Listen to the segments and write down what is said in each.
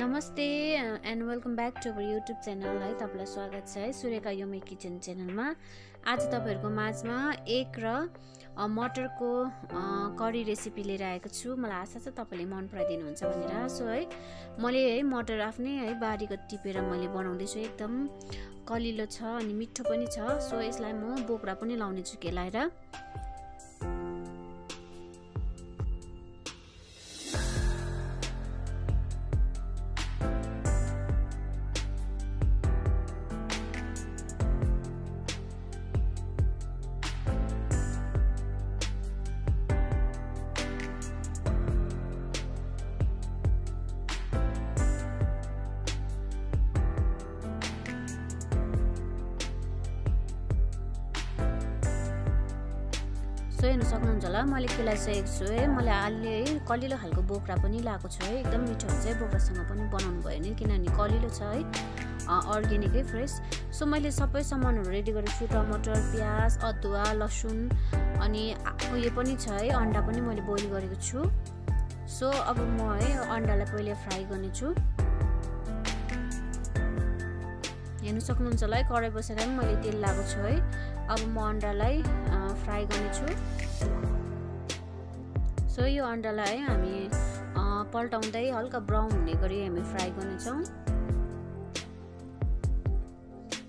नमस्ते and welcome back to our YouTube channel है तपाईँलाई स्वागत छ है सूर्यका योमे किचन च्यानलमा आज तपाईँहरूको माझमा एक र मटरको करी रेसिपी लिएर आएको छु मलाई आशा छ तपाईँले मन पराइदिनुहुन्छ भनेर सो है मैले है मटर आफ्नै है बारीको टिपेर मैले बनाउँदैछु एकदम कलिलो छ अनि मिठो पनि छ सो यसलाई म बोक्रा पनि लाउने छु केलाएर सो हेर्नु सक्नुहुन्छ होला मैले केलाइसकेको छु है मैले अहिले है कलिलो खालको बोक्रा पनि लाएको छु है एकदम मिठो हुन्छ है बोक्रासँग पनि बनाउनु भयो भने किनभने कलिलो छ है अर्ग्यानिकै फ्रेस सो मैले सबै सामानहरू रेडी गरेको छु टमाटर प्याज अदुवा लसुन अनि उयो पनि छ है अन्डा पनि मैले बोइल गरेको छु सो अब म है अन्डालाई पहिले फ्राई गर्नेछु हेर्नु सक्नुहुन्छ होला है कराई बसेर पनि मैले तेल लगाएको छु है अब म अन्डालाई फ्राई गर्नेछु सो यो अन्डालाई है हामी पल्टाउँदै हल्का ब्राउन हुने गरी हामी फ्राई गर्नेछौँ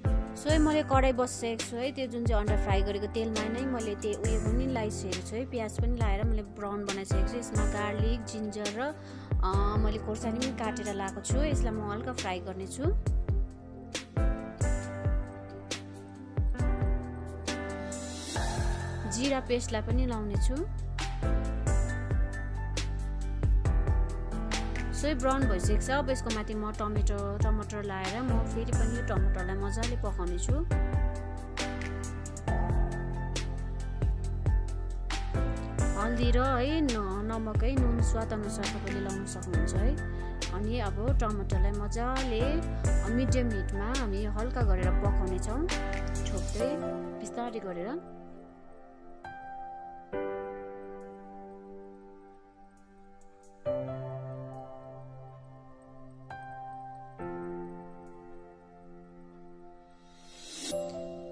सो है मैले कराई बसिसकेको छु है त्यो जुन चाहिँ अन्डा फ्राई गरेको तेलमा नै मैले त्यो उयो पनि लगाइसकेको छु है प्याज पनि लगाएर मैले ब्राउन बनाइसकेको छु यसमा गार्लिक जिन्जर र मैले खोर्सानी पनि काटेर लगाएको छु यसलाई म हल्का फ्राई गर्नेछु जिरा पेस्टलाई पनि लाउनेछु सोही ब्राउन भइसकेको छ अब यसको माथि म टमेटो टमाटर लाएर म फेरि पनि यो टमाटरलाई मजाले पकाउने छु हल्दी र है नमक है नुन स्वाद अनुसार तपाईँले लाउन सक्नुहुन्छ है अनि अब टमाटरलाई मजाले मिडियम हिटमा हामी हल्का गरेर पकाउने छौँ छोप्दै बिस्तारै गरेर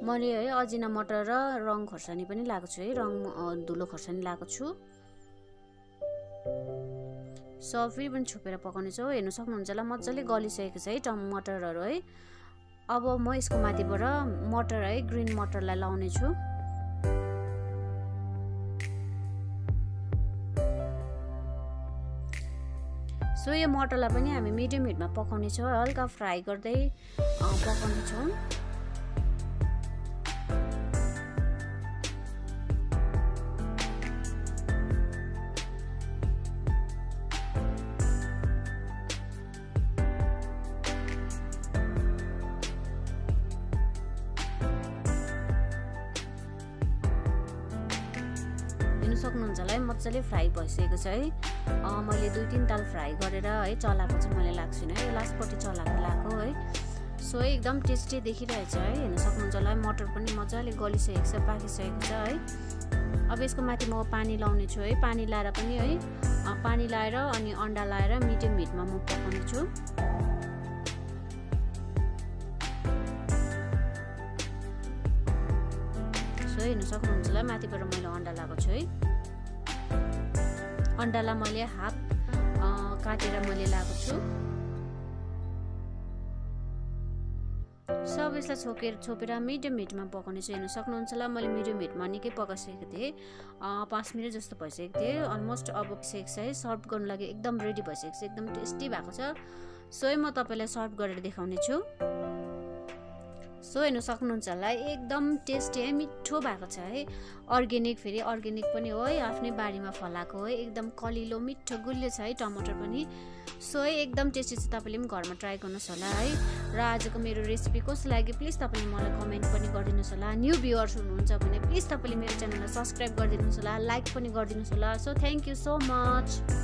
मैले है अजिना मटर र रङ खोर्सानी पनि लगाएको छु है रङ धुलो खोर्सानी लगाएको छु सब फेरि पनि छोपेर पकाउनेछौँ हेर्नु सक्नुहुन्छ होला मजाले गलिसकेको छ है मटरहरू है अब म यसको माथिबाट मटर है ग्रिन मटरलाई लाउने छु सो यो मटरलाई पनि हामी मिडियम हिटमा पकाउने छौँ हल्का फ्राई गर्दै पकाउने सक्नुहुन्छ होला है मजाले फ्राई भइसकेको छ है मैले दुई तिन ताल फ्राई गरेर है चलाएको चाहिँ मैले लाग्छ छुइनँ है लास्टपट्टि चलाएको लगाएको है सो है एकदम टेस्टी देखिरहेछ है हेर्न सक्नुहुन्छ होला है मटर पनि मजाले गलिसकेको छ पाकिसकेको छ है अब यसको माथि म पानी लाउने छु है पानी लाएर पनि है पानी लाएर अनि अन्डा लाएर मिडियम हिटमा म पकाउने छु सो हेर्नु सक्नुहुन्छ होला माथिबाट मैले अन्डा लगाएको छु है अन्डालाई मैले हाफ काटेर मैले लगाएको छु सब यसलाई छोकेर छोपेर मिडियम हिटमा पकाउनेछु हेर्न सक्नुहुन्छ होला मैले मिडियम हिटमा निकै पकाइसकेको थिएँ पाँच मिनट जस्तो भइसकेको थिएँ अलमोस्ट अब सेक्स है सर्भ गर्नु लागि एकदम रेडी भइसकेको छ एकदम टेस्टी भएको छ सोही म तपाईँलाई सर्भ गरेर देखाउने छु सो हेर्नु सक्नुहुन्छ होला एकदम टेस्टी है मिठो भएको छ है अर्ग्यानिक फेरि अर्ग्यानिक पनि हो है आफ्नै बारीमा फलाएको है एकदम कलिलो मिठो गुलियो छ है टमाटर पनि सो है एकदम टेस्टी छ तपाईँले पनि घरमा ट्राई गर्नुहोस् होला है र आजको मेरो रेसिपी कस्तो लाग्यो प्लिज तपाईँले मलाई कमेन्ट पनि गरिदिनुहोस् होला न्यू भ्युवर्स हुनुहुन्छ भने प्लिज तपाईँले मेरो च्यानललाई सब्सक्राइब गरिदिनुहोस् होला लाइक पनि गरिदिनुहोस् होला so thank you so much